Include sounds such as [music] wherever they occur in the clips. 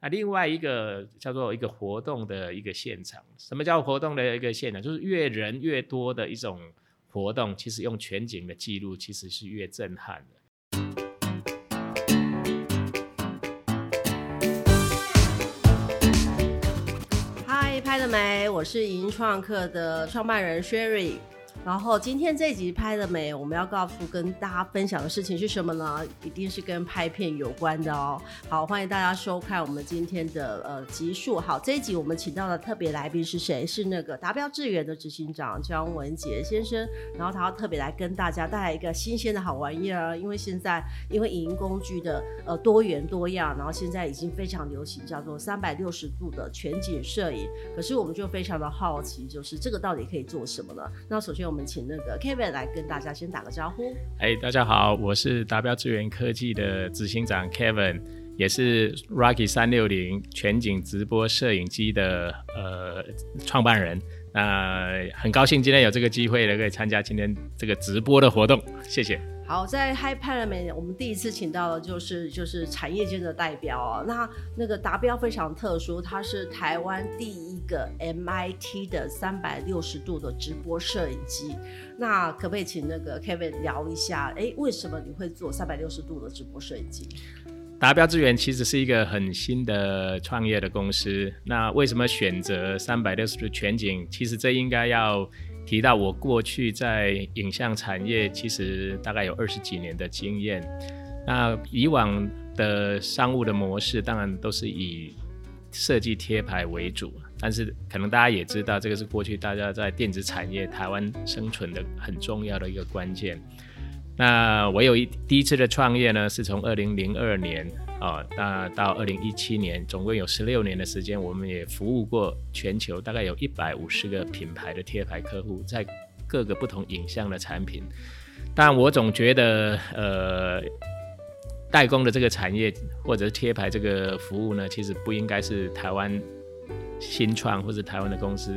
啊，另外一個叫做一個活動的一個現場，什麼叫活動的一個現場？就是越人越多的一種活動，其實用全景的記錄其實是越震撼的。嗨，拍了沒，我是影創客的創辦人 Sherry。然後今天這一集拍了沒，我們要告訴跟大家分享的事情是什麼呢？一定是跟拍片有關的哦。好，歡迎大家收看我們今天的呃集數。好，這一集我們請到的特別來賓是誰？是那個達標智源的執行長江文杰先生。然後他要特別來跟大家帶來一個新鮮的好玩意兒。因為現在因為影音工具的呃多元多樣，然後現在已經非常流行叫做三百六十度的全景攝影。可是我們就非常的好奇，就是這個到底可以做什麼呢？那首先我們。我們請那個 Kevin 來跟大家先打個招呼。哎，hey, 大家好，我是達標智源科技的執行長 Kevin，也是 Rogy 三六零全景直播攝影機的呃創辦人。那、呃、很高興今天有這個機會可以參加今天這個直播的活動，謝謝。好，在 h i p a n 裡面，我們第一次請到的就是就是產業界的代表、啊、那那個達標非常特殊，它是台灣第一個 MIT 的三百六十度的直播攝影機。那可不可以請那個 Kevin 聊一下？哎、欸，為什麼你會做三百六十度的直播攝影機？達標智源其實是一個很新的創業的公司。那為什麼選擇三百六十度全景？其實這應該要。提到我過去在影像產業，其實大概有二十幾年的經驗。那以往的商務的模式，當然都是以設計貼牌為主。但是可能大家也知道，這個是過去大家在電子產業台灣生存的很重要的一個關鍵。那我有一第一次的創業呢，是從二零零二年啊、哦，那到二零一七年，總共有十六年的時間，我們也服務過全球大概有一百五十個品牌的貼牌客戶，在各個不同影像的產品。但我總覺得，呃，代工的這個產業或者貼牌這個服務呢，其實不應該是台灣新創或者是台灣的公司，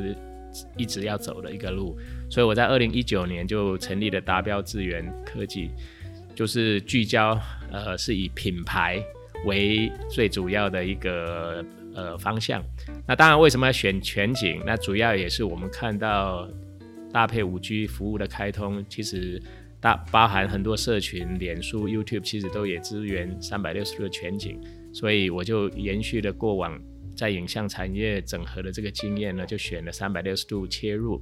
一直要走的一個路，所以我在二零一九年就成立了達標智源科技，就是聚焦，呃，是以品牌為最主要的一個呃方向。那當然，為什麼要選全景？那主要也是我們看到搭配五 G 服務的開通，其實大包含很多社群、臉書、YouTube，其實都也支援三百六十度的全景，所以我就延續了過往。在影像產業整合的這個經驗呢，就選了三百六十度切入，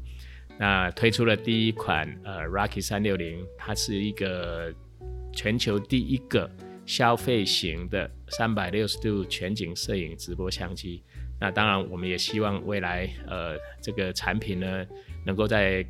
那推出了第一款呃 Rogy 三六零，它是一個全球第一個消費型的三百六十度全景攝影直播相機。那當然，我們也希望未來呃這個產品呢，能夠在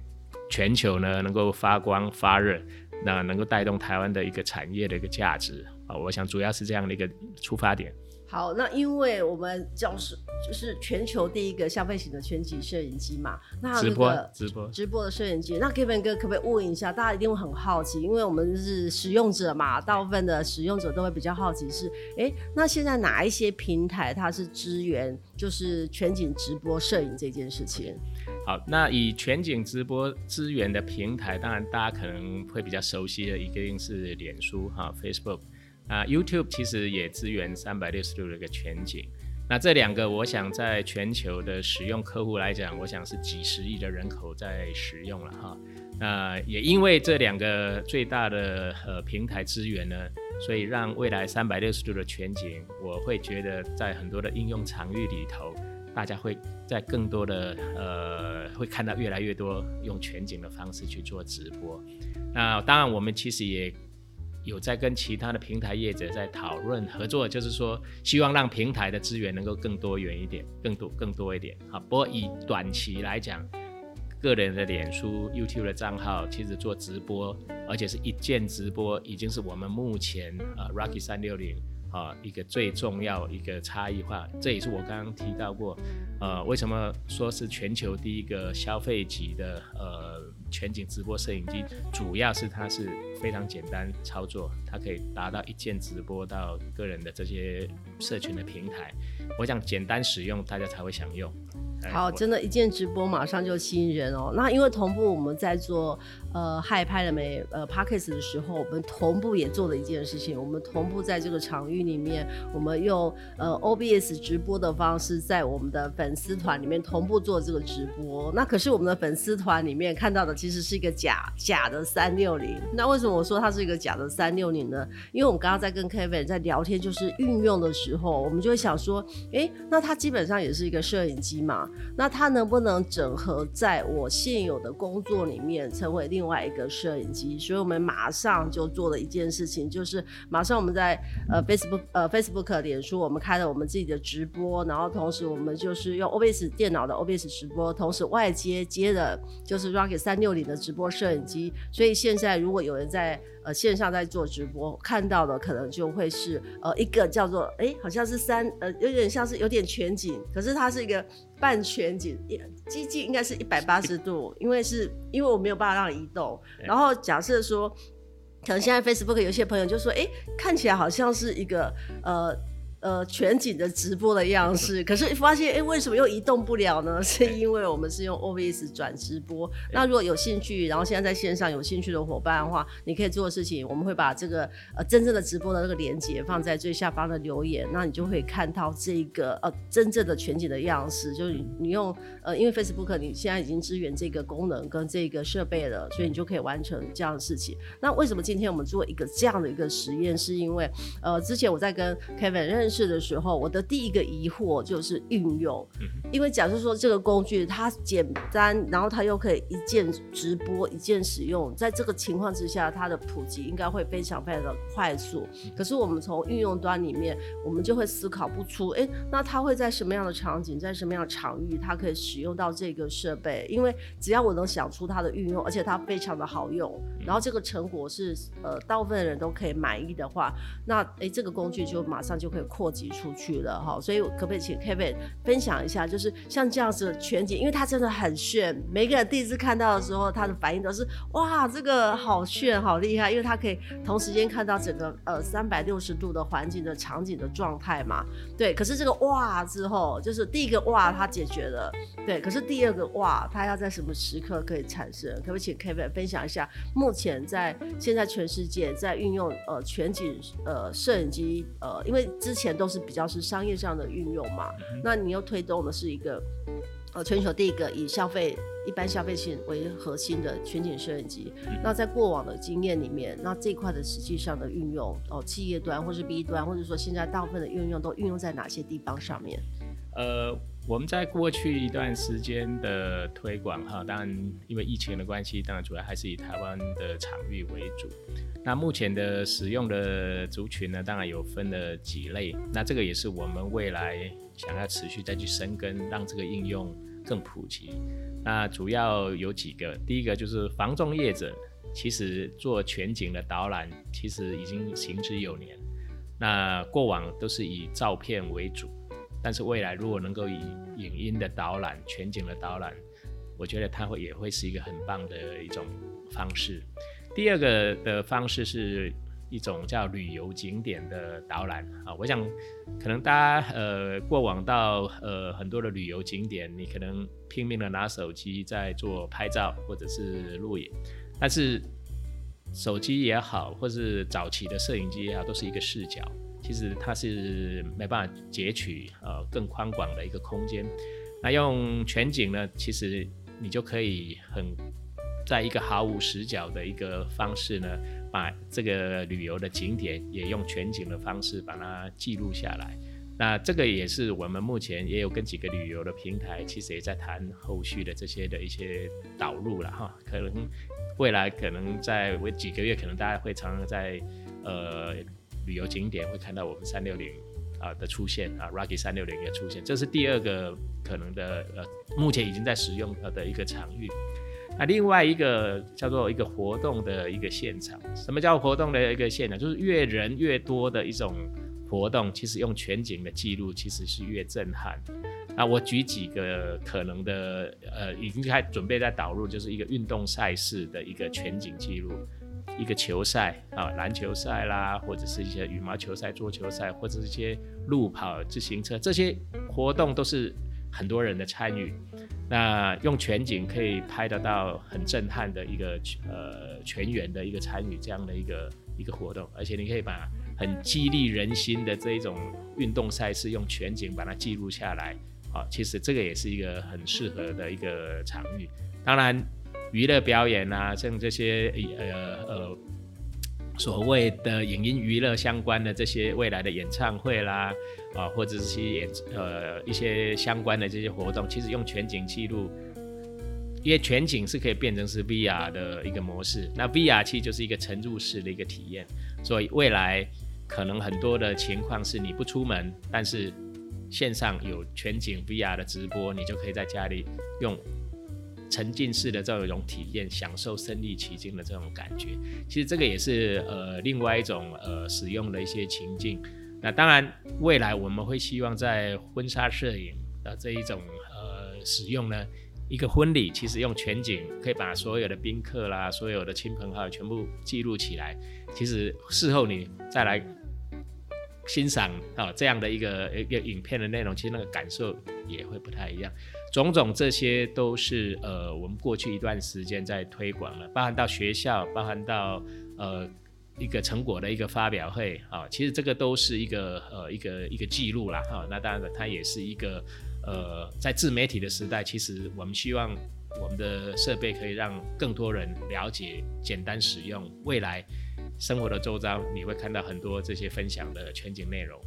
全球呢能夠發光發熱，那能夠帶動台灣的一個產業的一個價值啊、呃，我想主要是這樣的一個出發點。好，那因為我們講、就是就是全球第一個消費型的全景攝影機嘛，那、這個、直播直播直，直播的攝影機，那 Kevin 哥可不可以問一下，大家一定會很好奇，因為我們是使用者嘛，大部分的使用者都會比較好奇是，哎、欸，那現在哪一些平台它是支援，就是全景直播攝影這件事情？好，那以全景直播支援的平台，當然大家可能會比較熟悉的一定是臉書哈，Facebook。啊，YouTube 其實也支援三百六十度的一個全景。那這兩個，我想在全球的使用客戶來講，我想是幾十億的人口在使用了哈。那也因為這兩個最大的呃平台支援呢，所以讓未來三百六十度的全景，我會覺得在很多的應用場域裡頭，大家會在更多的呃會看到越來越多用全景的方式去做直播。那當然，我們其實也。有在跟其他的平台業者在討論合作，就是說希望讓平台的資源能夠更多元一點，更多更多一點啊。不過以短期來講，個人的臉書、YouTube 的賬號其實做直播，而且是一鍵直播，已經是我們目前啊、呃、Rogy 360。啊，一個最重要一個差異化，這也是我剛剛提到過。呃，為什麼說是全球第一個消費級的呃全景直播攝影機？主要是它是非常簡單操作，它可以達到一鍵直播到個人的這些社群的平台。我想簡單使用，大家才會想用。嗯、好，我真的一鍵直播馬上就吸引人哦。那因為同步我們在做。呃，嗨，拍了沒？呃，Podcast 的時候，我們同步也做了一件事情，我們同步在這個場域裡面，我們用呃 OBS 直播的方式，在我們的粉絲團裡面同步做這個直播。那可是我們的粉絲團裡面看到的其實是一個假假的三六零。那為什麼我說它是一個假的三六零呢？因為我們剛剛在跟 Kevin 在聊天，就是運用的時候，我們就會想說，哎、欸，那它基本上也是一個攝影機嘛，那它能不能整合在我現有的工作裡面，成為另另外一個攝影機，所以我們馬上就做了一件事情，就是馬上我們在呃 Facebook 呃 Facebook 臉書我們開了我們自己的直播，然後同時我們就是用 OBS 電腦的 OBS 直播，同時外接接的就是 Rogy 三六零的直播攝影機，所以現在如果有人在呃線上在做直播，看到的可能就會是呃一個叫做哎、欸、好像是三呃有點像是有點全景，可是它是一個。半全景，接近應該是一百八十度， [laughs] 因為是因為我沒有辦法讓你移動。對然後假設說，可能現在 Facebook 有些朋友就說，哎、欸，看起來好像是一個呃。呃，全景的直播的樣式，可是發現，哎、欸，為什麼又移動不了呢？是因為我們是用 OBS 轉直播。Yeah. 那如果有興趣，然後現在在線上有興趣的夥伴的話，你可以做的事情。我們會把這個呃真正的直播的那個連接放在最下方的留言，Yeah. 那你就可以看到這個呃真正的全景的樣式。就是你，你用呃，因為 Facebook 你現在已經支援這個功能跟這個設備了，所以你就可以完成這樣的事情。那為什麼今天我們做一個這樣的一個實驗？是因為呃，之前我在跟 Kevin 認。試的時候，我的第一個疑惑就是運用，因為假設說這個工具它簡單，然後它又可以一鍵直播、一鍵使用，在這個情況之下，它的普及應該會非常非常的快速。可是我們從運用端裡面，嗯、我們就會思考不出，哎、欸，那它會在什麼樣的場景、在什麼樣的場域，它可以使用到這個設備？因為只要我能想出它的運用，而且它非常的好用，然後這個成果是呃大部分的人都可以滿意的話，那哎、欸，這個工具就馬上就可以。破及出去了哈，所以可不可以請 Kevin 分享一下？就是像這樣子的全景，因為他真的很炫，每個人第一次看到的時候，他的反應都是哇，這個好炫，好厲害，因為他可以同時間看到整個呃三百六十度的環境的場景的狀態嘛。對，可是這個哇之後，就是第一個哇他解決了，對，可是第二個哇他要在什麼時刻可以產生？可不可以請 Kevin 分享一下？目前在現在全世界在運用呃全景呃攝影機呃，因為之前。都是比較是商業上的運用嘛，嗯、哼那你又推動的是一個呃全球第一個以消費一般消費性為核心的全景攝影機。嗯、哼那在過往的經驗裡面，那這塊的實際上的運用哦、呃，企業端或是 B 端，或者說現在大部分的運用都運用在哪些地方上面？呃。我們在過去一段時間的推廣，哈，當然因為疫情的關係，當然主要還是以台灣的場域為主。那目前的使用的族群呢，當然有分了幾類。那這個也是我們未來想要持續再去深耕，讓這個應用更普及。那主要有幾個，第一個就是房仲業者，其實做全景的導覽其實已經行之有年。那過往都是以照片為主。但是未來如果能夠以影音的導覽、全景的導覽，我覺得它會也會是一個很棒的一種方式。第二個的方式是一種叫旅遊景點的導覽啊，我想可能大家呃過往到呃很多的旅遊景點，你可能拼命的拿手機在做拍照或者是錄影，但是手機也好，或是早期的攝影機也好，都是一個視角。其實它是沒辦法截取，呃，更寬廣的一個空間，那用全景呢，其實你就可以很在一個毫無死角的一個方式呢，把這個旅遊的景點也用全景的方式把它記錄下來。那這個也是我們目前也有跟幾個旅遊的平台，其實也在談後續的這些的一些導入了哈。可能未來可能在為幾個月，可能大家會常常在呃。旅游景點會看到我們三六零啊的出現啊 Rogy 三六零也出現，這是第二個可能的呃，目前已經在使用的一個場域。那另外一個叫做一個活動的一個現場，什麼叫活動的一個現場？就是越人越多的一種活動，其實用全景的記錄其實是越震撼。啊，我舉幾個可能的呃，已經在準備在導入，就是一個運動賽事的一個全景記錄。一個球賽啊、哦，籃球賽啦，或者是一些羽毛球賽、桌球賽，或者是一些路跑、自行車，這些活動都是很多人的參與。那用全景可以拍得到很震撼的一個呃全員的一個參與這樣的一個一個活動，而且你可以把很激勵人心的這一種運動賽事用全景把它記錄下來。啊、哦。其實這個也是一個很適合的一個場域，當然。娛樂表演啊，像這些呃呃所謂的影音娛樂相關的這些未來的演唱會啦，啊、呃，或者是些演呃一些相關的這些活動，其實用全景記錄，因為全景是可以變成是 VR 的一個模式，那 VR 其實就是一個沉浸式的一個體驗，所以未來可能很多的情況是你不出門，但是線上有全景 VR 的直播，你就可以在家裡用。沉浸式的這樣一種體驗，享受身臨其境的這種感覺，其實這個也是呃另外一種呃使用的一些情境。那當然，未來我們會希望在婚紗攝影的這一種呃使用呢，一個婚禮其實用全景可以把所有的賓客啦、所有的親朋好友全部記錄起來，其實事後你再來，欣賞啊、哦，這樣的一個一個影片的內容，其實那個感受也會不太一樣。種種這些都是呃，我們過去一段時間在推廣的，包含到學校，包含到呃一個成果的一個發表會啊、哦。其實這個都是一個呃一個一個記錄啦哈、哦。那當然了，它也是一個呃在自媒體的時代，其實我們希望我們的設備可以讓更多人了解、簡單使用。未來。生活的周遭，你會看到很多這些分享的全景內容。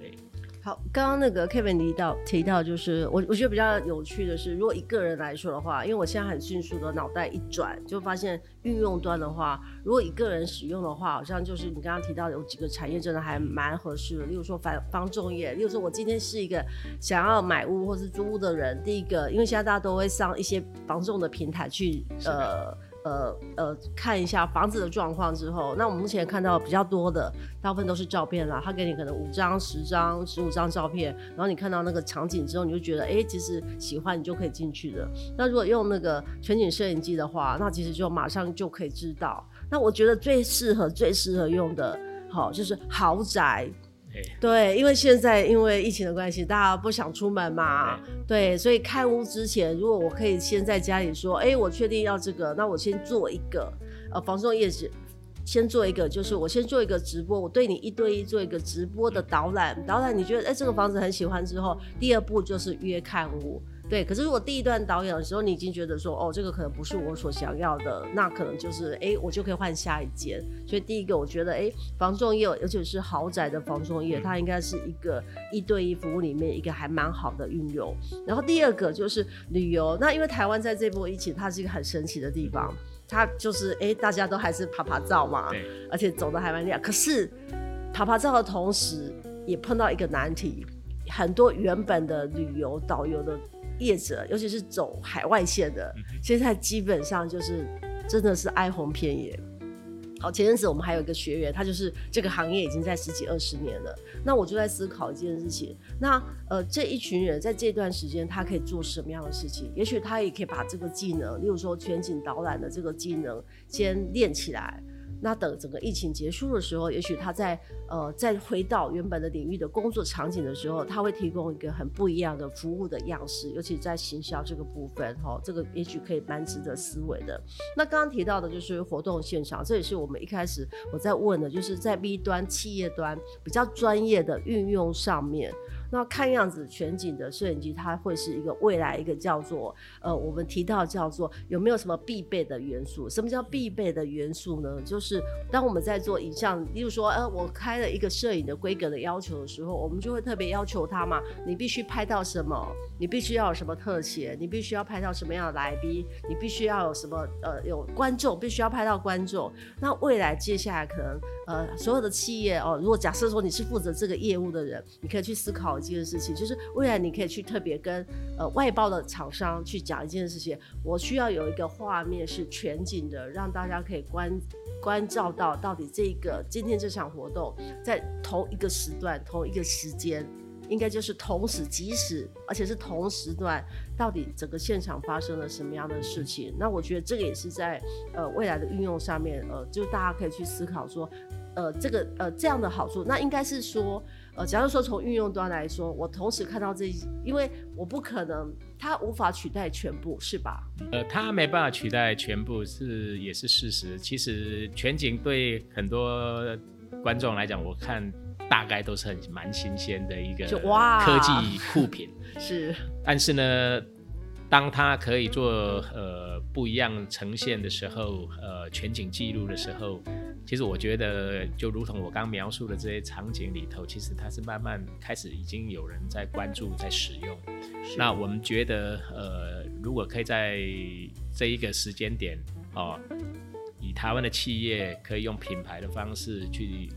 對，好，剛剛那個 Kevin 你到提到提到，就是我我覺得比較有趣的是，嗯、如果一個人來說的話，因為我現在很迅速的腦袋一轉，就發現運用端的話，如果一個人使用的話，好像就是你剛剛提到的有幾個產業真的還蠻合適的，嗯、例如說房房仲業，例如說我今天是一個想要買屋或是租屋的人，第一個，因為現在大家都會上一些房仲的平台去的呃。呃呃，看一下房子的狀況之後，那我們目前看到比較多的，大部分都是照片啦。他給你可能五張、十張、十五張照片，然後你看到那個場景之後，你就覺得，哎、欸，其實喜歡，你就可以進去的。那如果用那個全景攝影機的話，那其實就馬上就可以知道。那我覺得最適合、最適合用的，好，就是豪宅。對，因為現在因為疫情的關係，大家不想出門嘛，對，對，所以看屋之前，如果我可以先在家裡說，哎，我確定要這個，那我先做一個，呃，房仲業者，先做一個，就是我先做一個直播，我對你一對一做一個直播的導覽，導覽，你覺得哎這個房子很喜歡之後，第二步就是約看屋。對，可是如果第一段導演的時候，你已經覺得說，哦，這個可能不是我所想要的，那可能就是，哎、欸，我就可以換下一間。所以第一個，我覺得，哎、欸，房仲業，尤其是豪宅的房仲業，它應該是一個一對一服務裡面一個還蠻好的運用。然後第二個就是旅遊，那因為台灣在這波疫情，它是一個很神奇的地方，它就是，哎、欸，大家都還是趴趴照嘛，而且走得還蠻厲害。可是趴趴照的同時，也碰到一個難題，很多原本的旅遊導遊的。業者，尤其是走海外線的，現在基本上就是真的是哀鴻遍野。好，前陣子我們還有一個學員，他就是這個行業已經在十幾二十年了。那我就在思考一件事情：那呃這一群人在這段時間他可以做什麼樣的事情？也許他也可以把這個技能，例如說全景導覽的這個技能先練起來。嗯那等整個疫情結束的時候，也許他在呃再回到原本的領域的工作場景的時候，他會提供一個很不一樣的服務的樣式，尤其在行銷這個部分哈、哦，這個也許可以蠻值得思維的。那剛剛提到的就是活動現場，這也是我們一開始我在問的，就是在 B 端企業端比較專業的運用上面。那看樣子全景的攝影機，它會是一個未來一個叫做呃，我們提到叫做有沒有什麼必備的元素？什麼叫必備的元素呢？就是當我們在做影像，比如說呃，我開了一個攝影的規格的要求的時候，我們就會特別要求他嘛。你必須拍到什麼？你必須要有什麼特寫？你必須要拍到什麼樣的來賓？你必須要有什麼呃，有觀眾，必須要拍到觀眾。那未來接下來可能呃，所有的企業哦、呃，如果假設說你是負責這個業務的人，你可以去思考。這件事情，就是未來你可以去特別跟呃外包的廠商去講一件事情，我需要有一個畫面是全景的，讓大家可以觀照到到底這個今天這場活動在同一個時段、同一個時間，應該就是同時、即時，而且是同時段，到底整個現場發生了什麼樣的事情？那我覺得這個也是在呃未來的運用上面，呃，就大家可以去思考說，呃，這個呃這樣的好處，那應該是說。呃，假如說從運用端來說，我同時看到這些，因為我不可能，它無法取代全部，是吧？呃，它沒辦法取代全部是也是事實。其實全景對很多觀眾來講，我看大概都是很蠻新鮮的一個科技酷品， [laughs] 是。但是呢。當它可以做呃不一樣呈現的時候，呃全景記錄的時候，其實我覺得就如同我剛描述的這些場景裡頭，其實它是慢慢開始已經有人在關注、在使用。是那我們覺得，呃，如果可以在這一個時間點哦，以台灣的企業可以用品牌的方式去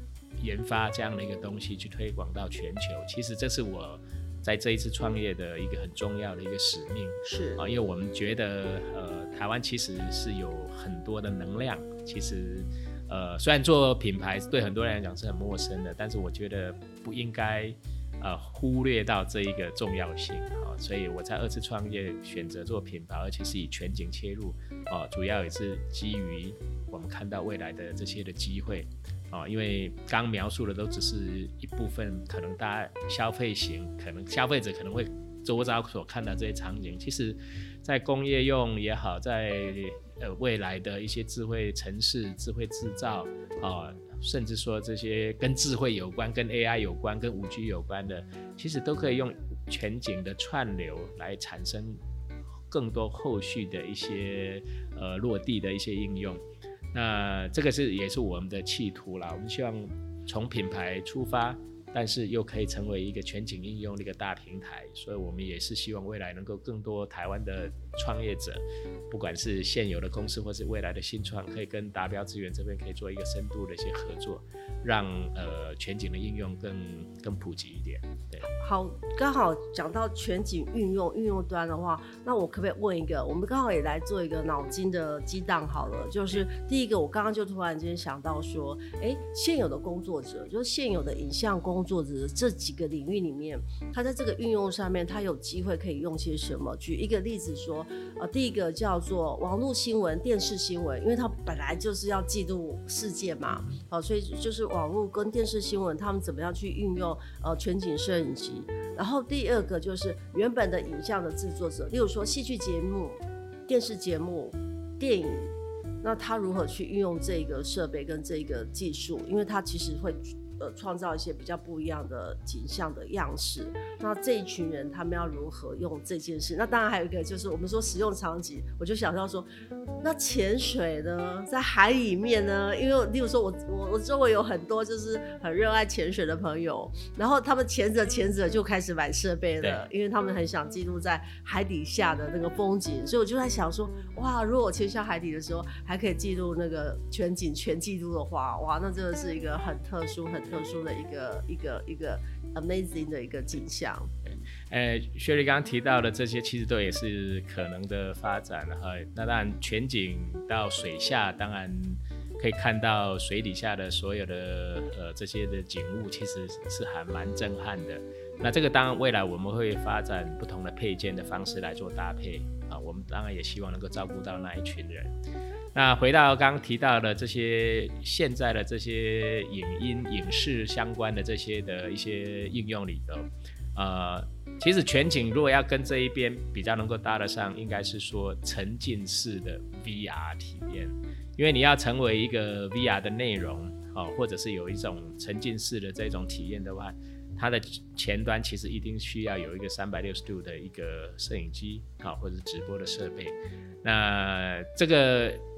研發這樣的一個東西，去推廣到全球，其實這是我。在這一次創業的一個很重要的一個使命是啊，因為我們覺得呃，台灣其實是有很多的能量。其實，呃，雖然做品牌對很多人來講是很陌生的，但是我覺得不應該呃忽略到這一個重要性啊。所以我在二次創業選擇做品牌，而且是以全景切入啊，主要也是基於我們看到未來的這些的機會。啊，因為剛描述的都只是一部分，可能大家消費型，可能消費者可能會周遭所看到這些場景，其實，在工業用也好，在呃未來的一些智慧城市、智慧製造，啊，甚至說這些跟智慧有關、跟 AI 有關、跟 5G 有關的，其實都可以用全景的串流來產生更多後續的一些呃落地的一些應用。那這個是也是我們的企圖啦，我們希望從品牌出發，但是又可以成為一個全景應用的一個大平台，所以我們也是希望未來能夠更多台灣的創業者，不管是現有的公司或是未來的新創，可以跟達標智源這邊可以做一個深度的一些合作，讓呃全景的應用更更普及一點。好，剛好講到全景運用，運用端的話，那我可不可以問一個？我們剛好也來做一個腦筋的激盪好了。就是第一個，我剛剛就突然間想到說，哎、欸，現有的工作者，就是現有的影像工作者這幾個領域裡面，他在這個運用上面，他有機會可以用些什麼？舉一個例子說，呃，第一個叫做網絡新聞、電視新聞，因為它本來就是要記錄世界嘛，好、呃，所以就是網絡跟電視新聞，他們怎麼樣去運用呃全景攝影？然後第二個就是原本的影像的制作者，例如說戲劇節目、電視節目、電影，那他如何去運用這個設備跟這個技術？因為他其實會。呃，創造一些比較不一樣的景象的樣式。那這一群人，他們要如何用這件事？那當然還有一個就是我們說使用場景，我就想到說，那潛水呢，在海裡面呢，因為例如說我我我周圍有很多就是很熱愛潛水的朋友，然後他們潛着潛着就開始買設備了，對因為他們很想記錄在海底下的那個風景。所以我就在想說，哇，如果我潛下海底的時候還可以記錄那個全景全記錄的話，哇，那真的是一個很特殊很。特殊的一個一個一個，一個 amazing 的一個景象。哎，雪莉剛剛提到的這些，其實都也是可能的發展。哈，那當然全景到水下，當然可以看到水底下的所有的呃這些的景物，其實是還蠻震撼的。那這個當然未來我們會發展不同的配件的方式來做搭配啊，我們當然也希望能夠照顧到那一群人。那回到剛剛提到的這些現在的這些影音、影視相關的這些的一些應用裡頭，呃，其實全景如果要跟這一邊比較能夠搭得上，應該是說沉浸式的 VR 體驗，因為你要成為一個 VR 的內容哦，或者是有一種沉浸式的這種體驗的話，它的前端其實一定需要有一個三百六十度的一個攝影機啊，或者直播的設備，那這個。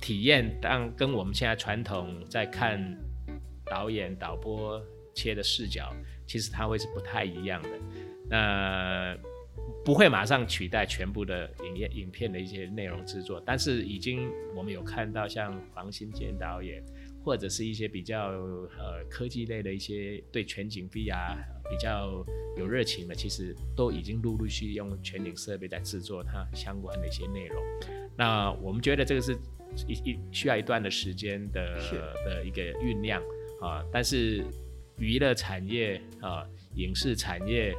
體驗，但跟我們現在傳統在看導演、導播切的視角，其實它會是不太一樣的。那不會馬上取代全部的影業、影片的一些內容制作，但是已經我們有看到像黃心健導演，或者是一些比較呃科技類的一些對全景 VR 比較有熱情的，其實都已經陸陸續續用全景設備在制作它相關的一些內容。那我們覺得這個是。一一需要一段的時間的是的一個醞釀啊，但是娛樂產業啊、影視產業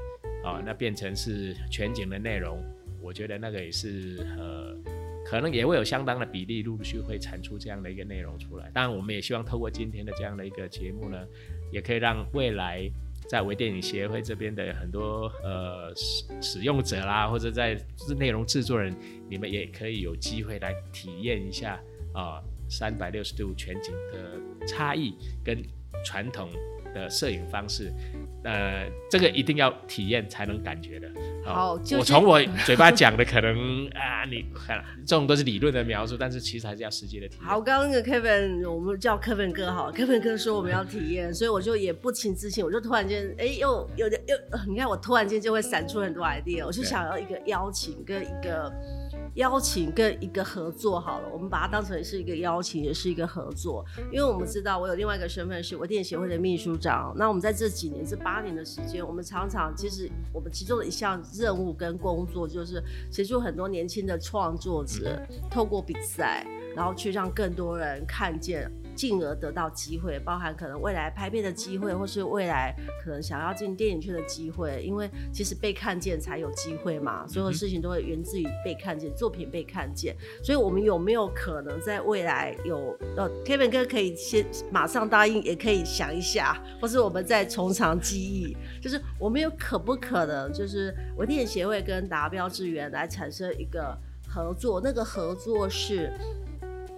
啊，那變成是全景的內容，我覺得那個也是呃，可能也會有相當的比例，陸陸續續會產出這樣的一個內容出來。當然，我們也希望透過今天的這樣的一個節目呢，也可以讓未來。在微電影協會這邊的很多呃使使用者啦，或者在內容製作人，你們也可以有機會來體驗一下啊，三百六十度全景的差異跟。傳統的攝影方式，呃，這個一定要體驗才能感覺的。哦，好，就是，我從我嘴巴講的可能 [laughs] 啊，你看這種都是理論的描述，但是其實還是要實際的體驗。好，剛剛那個 Kevin，我們叫 Kevin 哥好，Kevin 哥說我們要體驗，所以我就也不情之請，我就突然間，哎，又有又，你看我突然間就會閃出很多 idea，我就想要一個邀請跟一個。邀請跟一個合作好了，我們把它當成是一個邀請，也是一個合作。因為我們知道，我有另外一個身份是微電影協會的秘書長。那我們在這幾年這八年的時間，我們常常其實我們其中的一項任務跟工作，就是協助很多年輕的創作者透過比賽，然後去讓更多人看見。進而得到機會，包含可能未來拍片的機會，嗯、哼或是未來可能想要進電影圈的機會。因為其實被看見才有機會嘛，嗯、哼所有事情都會源自於被看見，作品被看見。所以我們有沒有可能在未來有呃、哦、，Kevin 哥可以先馬上答應，也可以想一下，或是我們再從長計議。 [laughs] 就是我們有可不可能，就是我電影協會跟達標智源來產生一個合作，那個合作是。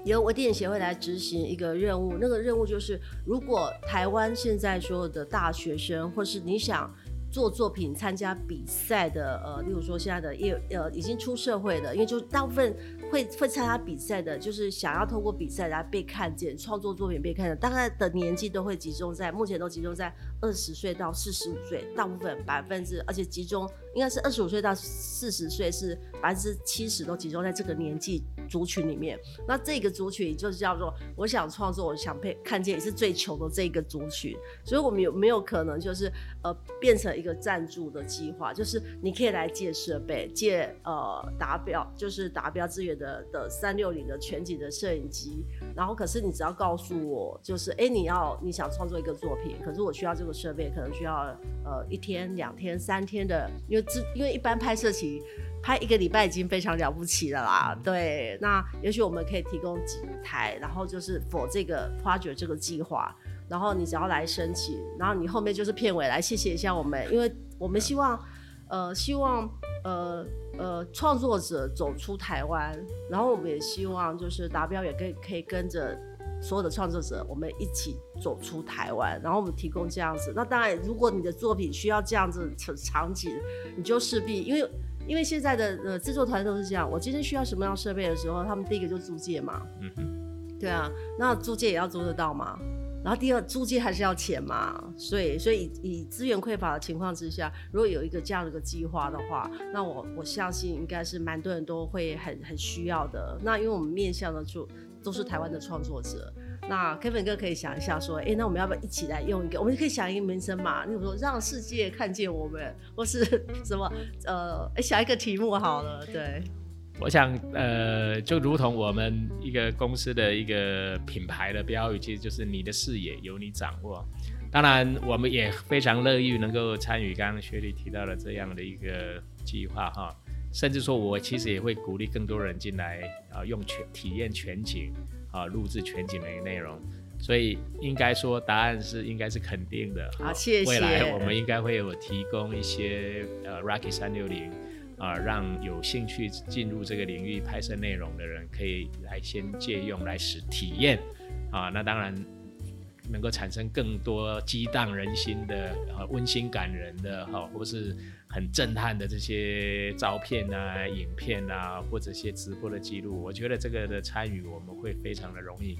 由微電影協會來執行一個任務，那個任務就是，如果台灣現在所有的大學生，或是你想做作品參加比賽的，呃，例如說現在的業，呃，已經出社會的，因為就大部分會會參加比賽的，就是想要透過比賽來被看見，創作作品被看見，大概的年紀都會集中在，目前都集中在二十歲到四十五歲，大部分百分之，而且集中應該是二十五歲到四十歲是百分之七十都集中在這個年紀。族群裡面，那這個族群就是叫做我想創作，我想拍看見也是最窮的這個族群，所以我們有沒有可能就是呃變成一個贊助的計劃？就是你可以來借設備，借呃達標就是達標智源的的三六零的全景的攝影機，然後可是你只要告訴我就是哎、欸、你要你想創作一個作品，可是我需要這個設備，可能需要呃一天兩天三天的，因為這因為一般拍攝期。拍一個禮拜已經非常了不起了啦，對，那也許我們可以提供幾台，然後就是否這個發掘這個計劃，然後你只要來申請，然後你後面就是片尾來謝謝一下我們，因為我們希望，呃，希望呃呃創作者走出台灣，然後我們也希望就是達標也可以可以跟着所有的創作者我們一起走出台灣，然後我們提供這樣子，那當然如果你的作品需要這樣子場景，你就勢必因為。因為現在的呃製作團都是這樣，我今天需要什麼樣設備的時候，他們第一個就租借嘛。嗯嗯哼。對啊，那租借也要租得到嘛。然後第二，租借還是要錢嘛。所以，所以以資源匱乏的情況之下，如果有一個這樣的一個計劃的話，那我我相信應該是蠻多人都會很很需要的。那因為我們面向的就都是台灣的創作者。那 Kevin 哥可以想一下，說，哎、欸，那我們要不要一起來用一個？我們可以想一個名稱嘛？你比如說？讓世界看見我們，或是什麼？呃，欸、想一個題目好了。對，我想，呃，就如同我們一個公司的一個品牌的標語，其實就是你的視野由你掌握。當然，我們也非常樂意能夠參與剛剛 Shary 提到的這樣的一個計劃哈，甚至說我其實也會鼓勵更多人進來啊，用全體驗全景。啊，錄製全景的一個內容，所以應該說答案是應該是肯定的。好，謝謝。未來我們應該會有提供一些呃 Rogy 360，啊，讓有興趣進入這個領域拍攝內容的人可以來先借用來使體驗，啊，那當然能夠產生更多激盪人心的、啊、溫馨感人的、啊、或是。很震撼的這些照片啊、影片啊，或者一些直播的記錄，我覺得這個的參與我們會非常的容易，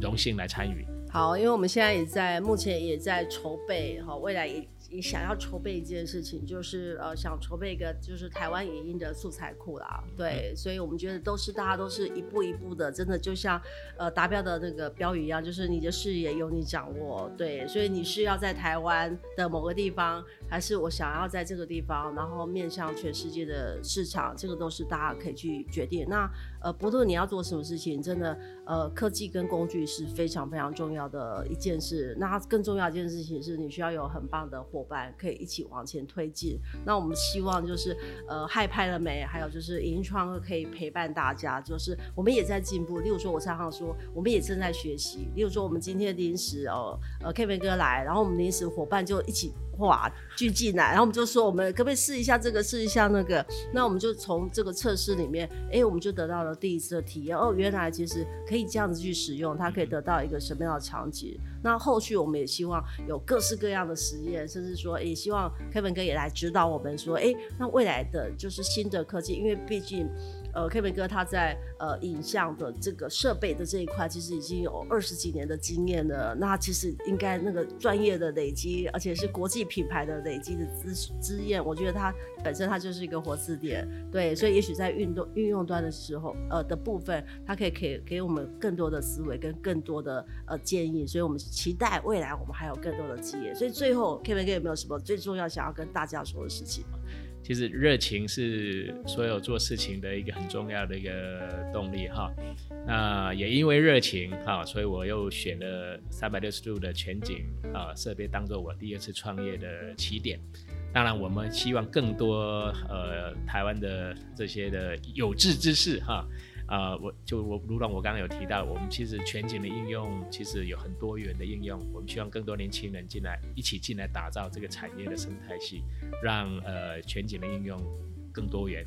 榮幸來參與。好，因為我們現在也在，目前也在籌備，好未來也。你想要籌備一件事情，就是呃，想籌備一個就是台灣影音的素材庫啦。對，所以我們覺得都是大家都是一步一步的，真的就像呃達標的那個標語一樣，就是你的視野由你掌握。對，所以你是要在台灣的某個地方，還是我想要在這個地方，然後面向全世界的市場，這個都是大家可以去決定。那。呃，不論，你要做什麼事情？真的，呃，科技跟工具是非常非常重要的一件事。那更重要的一件事情是你需要有很棒的伙伴可以一起往前推進。那我們希望就是，呃，嗨拍了沒？還有就是銀川可以陪伴大家，就是我們也在進步。例如說，我常常說，我們也正在學習。例如說，我們今天臨時哦，呃，Kevin 哥來，然後我們臨時伙伴就一起。話聚進來，然後我們就說，我們可不可以試一下這個，試一下那個？那我們就從這個測試裡面，哎、欸，我們就得到了第一次的體驗。哦，原來其實可以這樣子去使用，它可以得到一個什麼樣的場景？那後續我們也希望有各式各樣的實驗，甚至說，哎、欸，希望 Kevin 哥也來指導我們說，哎、欸，那未來的就是新的科技，因為畢竟。呃，Kevin 哥他在呃影像的這個設備的這一塊，其實已經有二十幾年的經驗了。那其實應該那個專業的累積，而且是國際品牌的累積的資經驗，我覺得他本身他就是一個活字典。對，所以也許在運動運用端的時候，呃的部分，他可以給給我們更多的思維跟更多的呃建議。所以我們期待未來我們還有更多的機會。所以最後，Kevin 哥有沒有什麼最重要想要跟大家說的事情？其實熱情是所有做事情的一個很重要的一個動力哈，那也因為熱情哈，所以我又選了三百六十度的全景啊、呃、設備，當作我第二次創業的起點。當然，我們希望更多呃台灣的這些的有志之士哈。呃，我就我如同我剛剛有提到，我們其實全景的應用其實有很多元的應用，我們希望更多年輕人進來，一起進來打造這個產業的生態系，讓呃全景的應用更多元。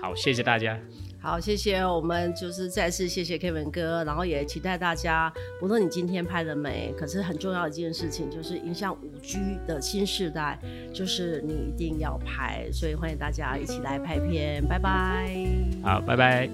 好，謝謝大家。好，謝謝我們就是再次謝謝 Kevin 哥，然後也期待大家。不論你今天拍了沒？可是很重要一件事情就是影響 5G 的新世代，就是你一定要拍，所以歡迎大家一起來拍片，拜拜。好，拜拜。